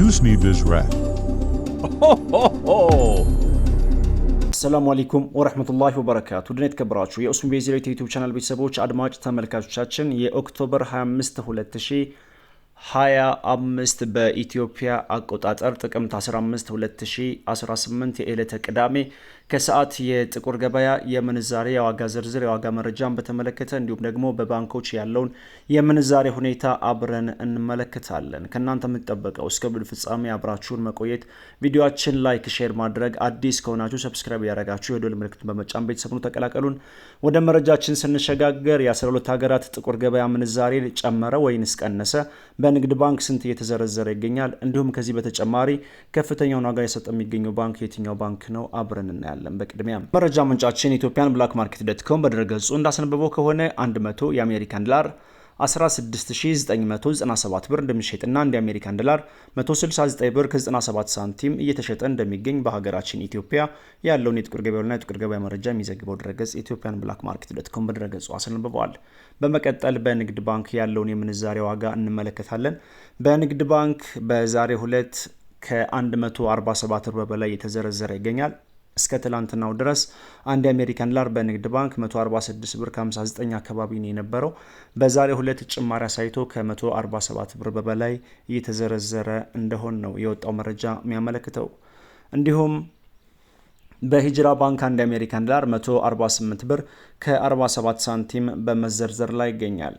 ዩስ ኒድ ዚስ ራት አሰላሙ አለይኩም ወረህመቱላሂ ወበረካቱ። ድና የተከበራችሁ የኡስሚ ቤዝ ሬት ዩቲዩብ ቻናል ቤተሰቦች አድማጭ ተመልካቾቻችን የኦክቶበር 25 2025 በኢትዮጵያ አቆጣጠር ጥቅምት 15 2018 የዕለተ ቅዳሜ ከሰዓት የጥቁር ገበያ የምንዛሬ የዋጋ ዝርዝር የዋጋ መረጃን በተመለከተ እንዲሁም ደግሞ በባንኮች ያለውን የምንዛሬ ሁኔታ አብረን እንመለከታለን። ከእናንተ የምትጠበቀው እስከ ብድ ፍጻሜ አብራችሁን መቆየት፣ ቪዲዮችን ላይክ፣ ሼር ማድረግ፣ አዲስ ከሆናችሁ ሰብስክራይብ ያደረጋችሁ የዶል ምልክቱን በመጫን ቤተሰብኑ ተቀላቀሉን። ወደ መረጃችን ስንሸጋገር የ12 ሀገራት ጥቁር ገበያ ምንዛሬ ጨመረ ወይንስ ቀነሰ? በንግድ ባንክ ስንት እየተዘረዘረ ይገኛል? እንዲሁም ከዚህ በተጨማሪ ከፍተኛውን ዋጋ የሰጠ የሚገኘው ባንክ የትኛው ባንክ ነው? አብረን እናያለን። እናያለን። በቅድሚያ መረጃ ምንጫችን ኢትዮጵያን ብላክ ማርኬት ዶት ኮም በድረገጹ እንዳስነበበው ከሆነ 100 የአሜሪካን ዶላር 16997 ብር እንደሚሸጥና እንደ አሜሪካን ዶላር 169 ብር ከ97 ሳንቲም እየተሸጠ እንደሚገኝ በሀገራችን ኢትዮጵያ ያለውን የጥቁር ገበያና የጥቁር ገበያ መረጃ የሚዘግበው ድረገጽ ኢትዮጵያን ብላክ ማርኬት ዶት ኮም በድረገጹ አስነብበዋል። በመቀጠል በንግድ ባንክ ያለውን የምንዛሬ ዋጋ እንመለከታለን። በንግድ ባንክ በዛሬው ዕለት ከ147 ብር በላይ የተዘረዘረ ይገኛል። እስከ ትላንትናው ድረስ አንድ የአሜሪካን ዶላር በንግድ ባንክ 146 ብር ከ59 አካባቢ ነው የነበረው። በዛሬ ሁለት ጭማሪ አሳይቶ ከ147 ብር በበላይ እየተዘረዘረ እንደሆን ነው የወጣው መረጃ የሚያመለክተው። እንዲሁም በሂጅራ ባንክ አንድ የአሜሪካን ዶላር 148 ብር ከ47 ሳንቲም በመዘርዘር ላይ ይገኛል።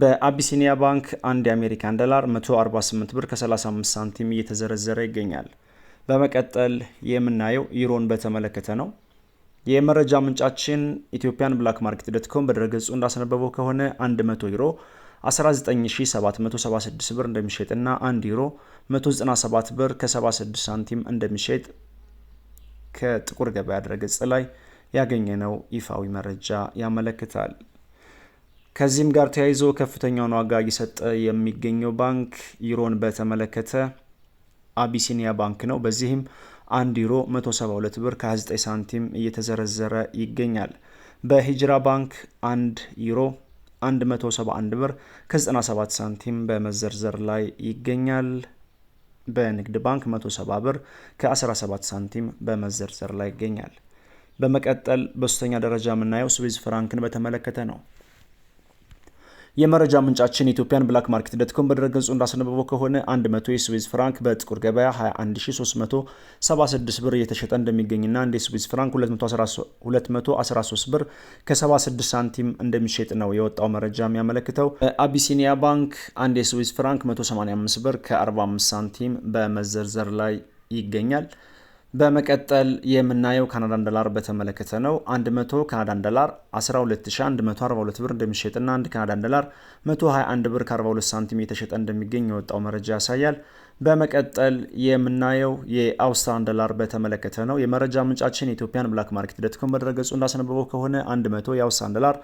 በአቢሲኒያ ባንክ አንድ የአሜሪካን ዶላር 148 ብር ከ35 ሳንቲም እየተዘረዘረ ይገኛል። በመቀጠል የምናየው ዩሮን በተመለከተ ነው። የመረጃ ምንጫችን ኢትዮጵያን ብላክ ማርኬት ዶትኮም ኮም በድረገጹ እንዳስነበበው ከሆነ 100 ዩሮ 19776 ብር እንደሚሸጥና 1 ዩሮ 197 ብር ከ76 ሳንቲም እንደሚሸጥ ከጥቁር ገበያ ድረገጽ ላይ ያገኘነው ይፋዊ መረጃ ያመለክታል። ከዚህም ጋር ተያይዞ ከፍተኛውን ዋጋ እየሰጠ የሚገኘው ባንክ ዩሮን በተመለከተ አቢሲኒያ ባንክ ነው። በዚህም 1 ዩሮ 172 ብር ከ29 ሳንቲም እየተዘረዘረ ይገኛል። በሂጅራ ባንክ 1 ዩሮ 171 ብር ከ97 ሳንቲም በመዘርዘር ላይ ይገኛል። በንግድ ባንክ 170 ብር ከ17 ሳንቲም በመዘርዘር ላይ ይገኛል። በመቀጠል በሶስተኛ ደረጃ የምናየው ስዊዝ ፍራንክን በተመለከተ ነው። የመረጃ ምንጫችን ኢትዮጵያን ብላክ ማርኬት ዶትኮም በድረገጹ እንዳስነበበው ከሆነ 100 የስዊዝ ፍራንክ በጥቁር ገበያ 21376 ብር እየተሸጠ እንደሚገኝና አንድ የስዊዝ ፍራንክ 213 ብር ከ76 ሳንቲም እንደሚሸጥ ነው የወጣው መረጃ የሚያመለክተው። አቢሲኒያ ባንክ አንድ የስዊዝ ፍራንክ 185 ብር ከ45 ሳንቲም በመዘርዘር ላይ ይገኛል። በመቀጠል የምናየው ካናዳን ዶላር በተመለከተ ነው። 100 ካናዳን ዶላር 12142 ብር እንደሚሸጥና 1 ካናዳን ዶላር 121 ብር ከ42 ሳንቲም የተሸጠ እንደሚገኝ የወጣው መረጃ ያሳያል። በመቀጠል የምናየው የአውስትራን ዶላር በተመለከተ ነው። የመረጃ ምንጫችን የኢትዮጵያን ብላክ ማርኬት ዶትኮም በድረገጹ እንዳስነበበው ከሆነ 100 የአውስትራን ዶላር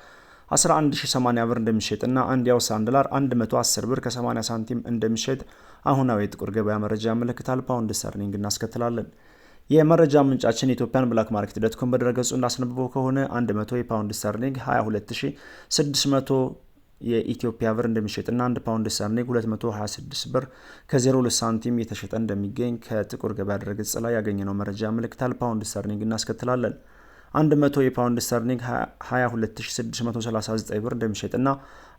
11080 ብር እንደሚሸጥና 1 የአውስትራሊያን ዶላር 110 ብር ከ80 ሳንቲም እንደሚሸጥ አሁናዊ የጥቁር ገበያ መረጃ ያመለክታል። ፓውንድ ስተርሊንግ እናስከትላለን። የመረጃ ምንጫችን ኢትዮጵያን ብላክ ማርኬት ዶት ኮም በድረገጹ እንዳስነበበው ከሆነ 100 የፓውንድ ስተርሊንግ 22600 የኢትዮጵያ ብር እንደሚሸጥና 1 ፓውንድ ስተርሊንግ 226 ብር ከ02 ሳንቲም የተሸጠ እንደሚገኝ ከጥቁር ገበያ ድረገጽ ላይ ያገኘነው መረጃ ያመለክታል። ፓውንድ ስተርሊንግ እናስከትላለን። 100 የፓውንድ ስተርሊንግ 22639 ብር እንደሚሸጥና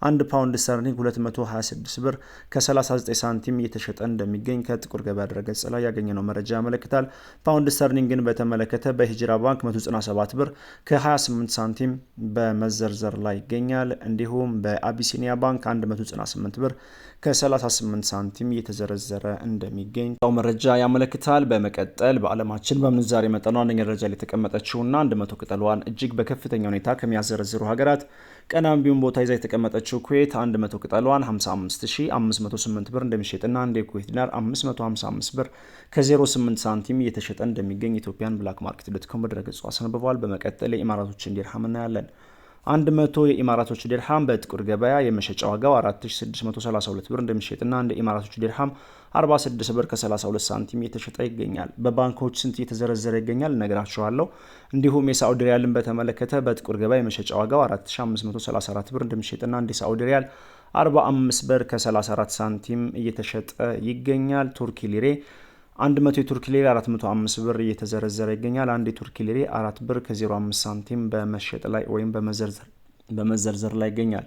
1 ፓውንድ ስተርሊንግ 226 ብር ከ39 ሳንቲም እየተሸጠ እንደሚገኝ ከጥቁር ገበያ ድረገጽ ላይ ያገኘነው መረጃ ያመለክታል። ፓውንድ ስተርሊንግን በተመለከተ በሂጅራ ባንክ 197 ብር ከ28 ሳንቲም በመዘርዘር ላይ ይገኛል። እንዲሁም በአቢሲኒያ ባንክ 198 ብር ከ38 ሳንቲም እየተዘረዘረ እንደሚገኝ መረጃ ያመለክታል። በመቀጠል በዓለማችን በምንዛሬ መጠኑ አንደኛ ደረጃ ላይ የተቀመጠችውና በመቶ ቅጠሏን እጅግ በከፍተኛ ሁኔታ ከሚያዘረዝሩ ሀገራት ቀዳሚ ቢሆን ቦታ ይዛ የተቀመጠችው ኩዌት 100 ቅጠሏን 55508 ብር እንደሚሸጥና አንድ የኩዌት ዲናር 555 ብር ከ08 ሳንቲም እየተሸጠ እንደሚገኝ ኢትዮጵያን ብላክ ማርኬት ዶት ኮም በድረገጹ አስነብቧል። በመቀጠል የኢማራቶችን ዲርሃም እናያለን። 100 የኢማራቶች ዲርሃም በጥቁር ገበያ የመሸጫ ዋጋው 4632 ብር እንደሚሸጥና እንደ ኢማራቶች ዲርሃም 46 ብር ከ32 ሳንቲም የተሸጠ ይገኛል። በባንኮች ስንት እየተዘረዘረ ይገኛል እነግራችኋለሁ። እንዲሁም የሳዑዲ ሪያልን በተመለከተ በጥቁር ገበያ የመሸጫ ዋጋው 4534 ብር እንደሚሸጥና እንደ ሳዑዲ ሪያል 45 ብር ከ34 ሳንቲም እየተሸጠ ይገኛል። ቱርኪ ሊሬ 100 የቱርክ ሌሬ 405 ብር እየተዘረዘረ ይገኛል። አንድ የቱርክ ሌሬ 4 ብር ከ05 ሳንቲም በመሸጥ ላይ ወይም በመዘርዘር ላይ ይገኛል።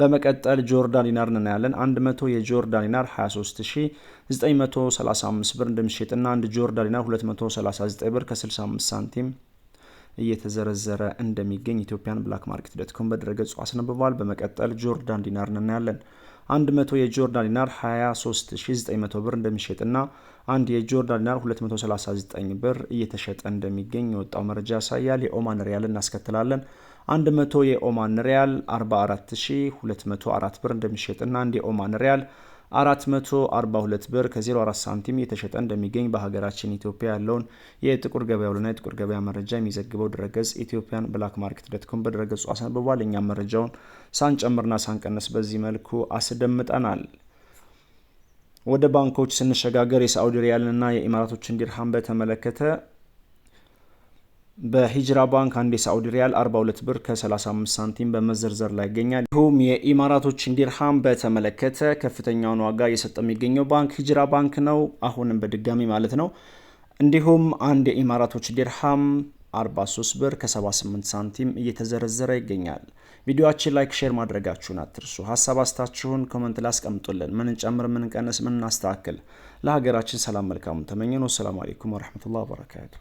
በመቀጠል ጆርዳን ዲናር እናያለን። 100 የጆርዳን ዲናር 23935 ብር እንደሚሸጥና አንድ ጆርዳን ዲናር 239 ብር ከ65 ሳንቲም እየተዘረዘረ እንደሚገኝ ኢትዮጵያን ብላክ ማርኬት ዶት ኮም በድረገጹ አስነብቧል። በመቀጠል ጆርዳን ዲናር እናያለን። 100 የጆርዳን ዲናር 23900 ብር እንደሚሸጥና አንድ የጆርዳን ዲናር 239 ብር እየተሸጠ እንደሚገኝ የወጣው መረጃ ያሳያል። የኦማን ሪያል እናስከትላለን። 100 የኦማን ሪያል 44204 ብር እንደሚሸጥና አንድ የኦማን ሪያል 442 ብር ከ04 ሳንቲም የተሸጠ እንደሚገኝ በሀገራችን ኢትዮጵያ ያለውን የጥቁር ገበያ ውልና የጥቁር ገበያ መረጃ የሚዘግበው ድረገጽ ኢትዮጵያን ብላክ ማርኬት ዶትኮም በድረገጹ አስነብቧል። እኛም መረጃውን ሳንጨምርና ሳንቀነስ በዚህ መልኩ አስደምጠናል። ወደ ባንኮች ስንሸጋገር የሳዑዲ ሪያልንና የኢማራቶችን ዲርሃም በተመለከተ በሂጅራ ባንክ አንድ የሳዑዲ ሪያል 42 ብር ከ35 ሳንቲም በመዘርዘር ላይ ይገኛል። ይሁም የኢማራቶችን ዲርሃም በተመለከተ ከፍተኛውን ዋጋ እየሰጠ የሚገኘው ባንክ ሂጅራ ባንክ ነው። አሁንም በድጋሚ ማለት ነው። እንዲሁም አንድ የኢማራቶች ዲርሃም 43 ብር ከ78 ሳንቲም እየተዘረዘረ ይገኛል። ቪዲዮችን ላይክ፣ ሼር ማድረጋችሁን አትርሱ። ሀሳብ አስታችሁን ኮመንት ላይ አስቀምጡልን። ምን እንጨምር፣ ምን እንቀንስ፣ ምን እናስተካክል። ለሀገራችን ሰላም መልካሙን ተመኘን። ሰላም አሌይኩም ወረህመቱላህ በረካቱ